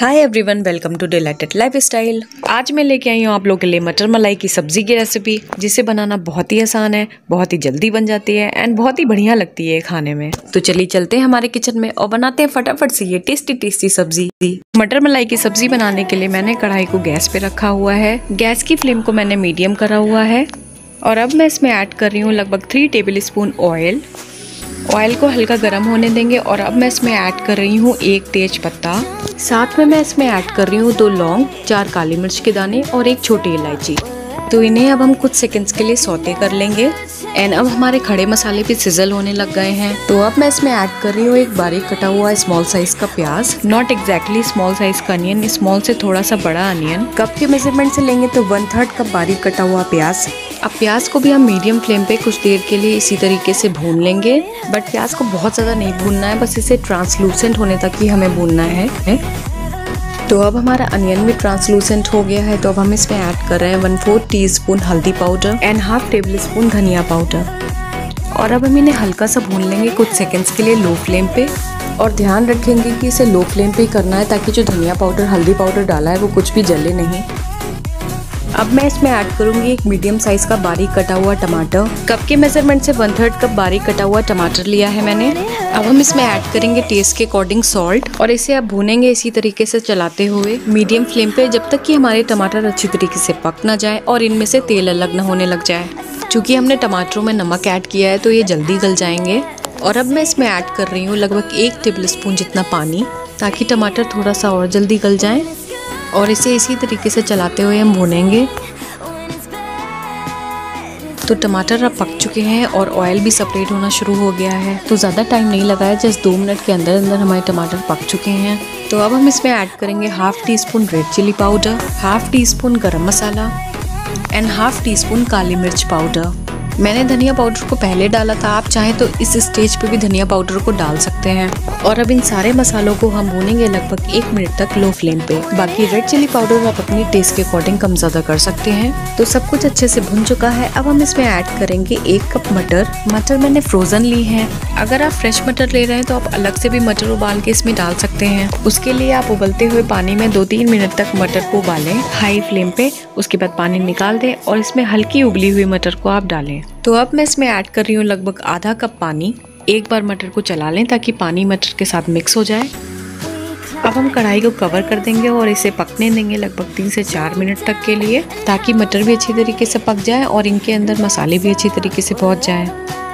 hi everyone welcome to delected life style आज मैं लेके आई हूँ आप लोग के लिए मटर मलाई की सब्ज़ी की रेसिपी जिसे बनाना बहुत ही आसान है बहुत ही जल्दी बन जाती है एंड बहुत ही बढ़िया लगती है खाने में तो चलिए चलते हैं हमारे किचन में और बनाते हैं फटाफट से ये टेस्टी टेस्टी सब्जी मटर मलाई की सब्जी बनाने के लिए मैंने कढ़ाई को गैस पे रखा हुआ है गैस की फ्लेम को मैंने मीडियम करा हुआ है और अब मैं इसमें ऐड कर रही हूँ लगभग three table spoon oil oil को हल्का गर्म होने देंगे और अब मैं इसमें ऐड कर रही हूँ एक तेज पत्ता साथ में मैं इसमें ऐड कर रही हूँ दो लौंग चार काली मिर्च के दाने और एक छोटी इलायची तो इन्हें अब हम कुछ सेकंड्स के लिए सौते कर लेंगे एंड अब हमारे खड़े मसाले भी सिजल होने लग गए हैं तो अब मैं इसमें ऐड कर रही हूँ एक बारीक कटा हुआ स्मॉल साइज का प्याज नॉट एग्जैक्टली स्मॉल साइज का अनियन स्मॉल से थोड़ा सा बड़ा अनियन कप के मेजरमेंट से लेंगे तो वन थर्ड कप बारीक कटा हुआ प्याज अब प्याज को भी हम मीडियम फ्लेम पे कुछ देर के लिए इसी तरीके से भून लेंगे बट प्याज को बहुत ज़्यादा नहीं भूनना है बस इसे ट्रांसलूसेंट होने तक ही हमें भूनना है तो अब हमारा अनियन भी ट्रांसलूसेंट हो गया है तो अब हम इसमें ऐड कर रहे हैं वन फोर टी स्पून हल्दी powder and half table spoon धनिया पाउडर और अब हम इन्हें हल्का सा भून लेंगे कुछ सेकेंड्स के लिए लो फ्लेम पर और ध्यान रखेंगे कि इसे लो फ्लेम पे ही करना है ताकि जो धनिया पाउडर हल्दी पाउडर डाला है वो कुछ भी जले नहीं अब मैं इसमें ऐड करूंगी एक मीडियम साइज का बारीक कटा हुआ टमाटर कप के मेजरमेंट से वन थर्ड कप बारीक कटा हुआ टमाटर लिया है मैंने अब हम इसमें ऐड करेंगे टेस्ट के अकॉर्डिंग सॉल्ट और इसे आप भूनेंगे इसी तरीके से चलाते हुए मीडियम फ्लेम पे जब तक कि हमारे टमाटर अच्छी तरीके से पक ना जाए और इनमें से तेल अलग ना होने लग जाए चूँकि हमने टमाटरों में नमक ऐड किया है तो ये जल्दी गल जाएंगे और अब मैं इसमें ऐड कर रही हूँ लगभग एक टेबल स्पून जितना पानी ताकि टमाटर थोड़ा सा और जल्दी गल जाए और इसे इसी तरीके से चलाते हुए हम भुनेंगे तो टमाटर अब पक चुके हैं और ऑयल भी सेपरेट होना शुरू हो गया है तो ज़्यादा टाइम नहीं लगा है जस्ट दो मिनट के अंदर अंदर हमारे टमाटर पक चुके हैं तो अब हम इसमें ऐड करेंगे half tea spoon red chilli powder half tea spoon गर्म मसाला एंड हाफ टी स्पून काली मिर्च पाउडर मैंने धनिया पाउडर को पहले डाला था आप चाहें तो इस स्टेज पे भी धनिया पाउडर को डाल सकते हैं और अब इन सारे मसालों को हम भूनेंगे लगभग एक मिनट तक लो फ्लेम पे बाकी रेड चिली पाउडर आप अपनी टेस्ट के अकॉर्डिंग कम ज्यादा कर सकते हैं तो सब कुछ अच्छे से भुन चुका है अब हम इसमें ऐड करेंगे एक कप मटर मटर मैंने फ्रोजन ली है अगर आप फ्रेश मटर ले रहे हैं तो आप अलग से भी मटर उबाल के इसमें डाल सकते हैं उसके लिए आप उबलते हुए पानी में दो तीन मिनट तक मटर को उबालें हाई फ्लेम पे उसके बाद पानी निकाल दें और इसमें हल्की उबली हुई मटर को आप डालें तो अब मैं इसमें ऐड कर रही हूँ लगभग आधा कप पानी एक बार मटर को चला लें ताकि पानी मटर के साथ मिक्स हो जाए अब हम कढ़ाई को कवर कर देंगे और इसे पकने देंगे लगभग तीन से चार मिनट तक के लिए ताकि मटर भी अच्छी तरीके से पक जाए और इनके अंदर मसाले भी अच्छी तरीके से पहुँच जाए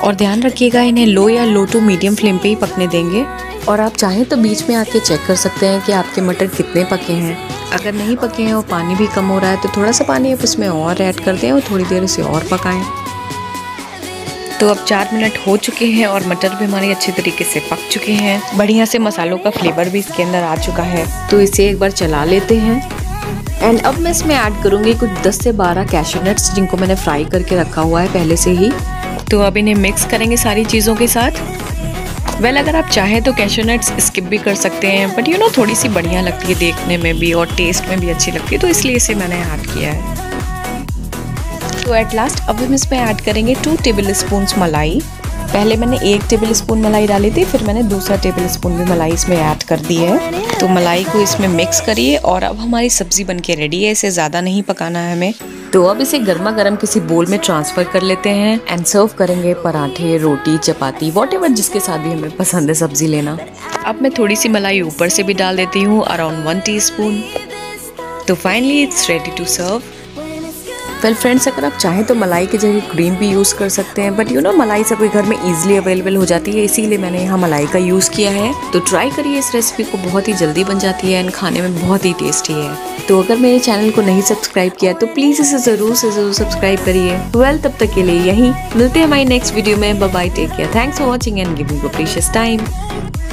और ध्यान रखिएगा इन्हें लो या लो टू मीडियम फ्लेम पे ही पकने देंगे और आप चाहें तो बीच में आके चेक कर सकते हैं कि आपके मटर कितने पके हैं अगर नहीं पके हैं और पानी भी कम हो रहा है तो थोड़ा सा पानी आप इसमें और ऐड कर दें और थोड़ी देर इसे और पकाएं तो अब चार मिनट हो चुके हैं और मटर भी हमारे अच्छे तरीके से पक चुके हैं बढ़िया से मसालों का फ्लेवर भी इसके अंदर आ चुका है तो इसे एक बार चला लेते हैं एंड अब मैं इसमें ऐड करूँगी कुछ 10 से 12 कैशू नट्स जिनको मैंने फ्राई करके रखा हुआ है पहले से ही तो अब इन्हें मिक्स करेंगे सारी चीज़ों के साथ वेल well, अगर आप चाहें तो कैशू नट्स स्किप भी कर सकते हैं बट यू नो थोड़ी सी बढ़िया लगती है देखने में भी और टेस्ट में भी अच्छी लगती है तो इसलिए इसे मैंने ऐड किया है तो एट लास्ट अब हम इसमें ऐड करेंगे टू टेबल स्पून मलाई पहले मैंने एक टेबल स्पून मलाई डाली थी फिर मैंने दूसरा टेबल स्पून भी मलाई इसमें ऐड कर दी है तो मलाई को इसमें मिक्स करिए और अब हमारी सब्ज़ी बनके रेडी है इसे ज़्यादा नहीं पकाना है हमें तो अब इसे गर्मा गर्म किसी बोल में ट्रांसफ़र कर लेते हैं एंड सर्व करेंगे पराठे रोटी चपाती वॉट जिसके साथ भी हमें पसंद है सब्ज़ी लेना अब मैं थोड़ी सी मलाई ऊपर से भी डाल देती हूँ अराउंड वन टी तो finally it's ready to serve well friends अगर आप चाहें तो मलाई की जगह क्रीम भी यूज़ कर सकते हैं बट यू नो मलाई सबके घर में ईजिली अवेलेबल हो जाती है इसीलिए मैंने यहाँ मलाई का यूज़ किया है तो ट्राई करिए इस रेसिपी को बहुत ही जल्दी बन जाती है एंड खाने में बहुत ही टेस्टी है तो अगर मेरे चैनल को नहीं सब्सक्राइब किया तो प्लीज़ इसे ज़रूर से ज़रूर सब्सक्राइब करिए वेल तब तक के लिए यहीं मिलते हैं हमारी नेक्स्ट वीडियो में bye take care thanks for watching and giving precious time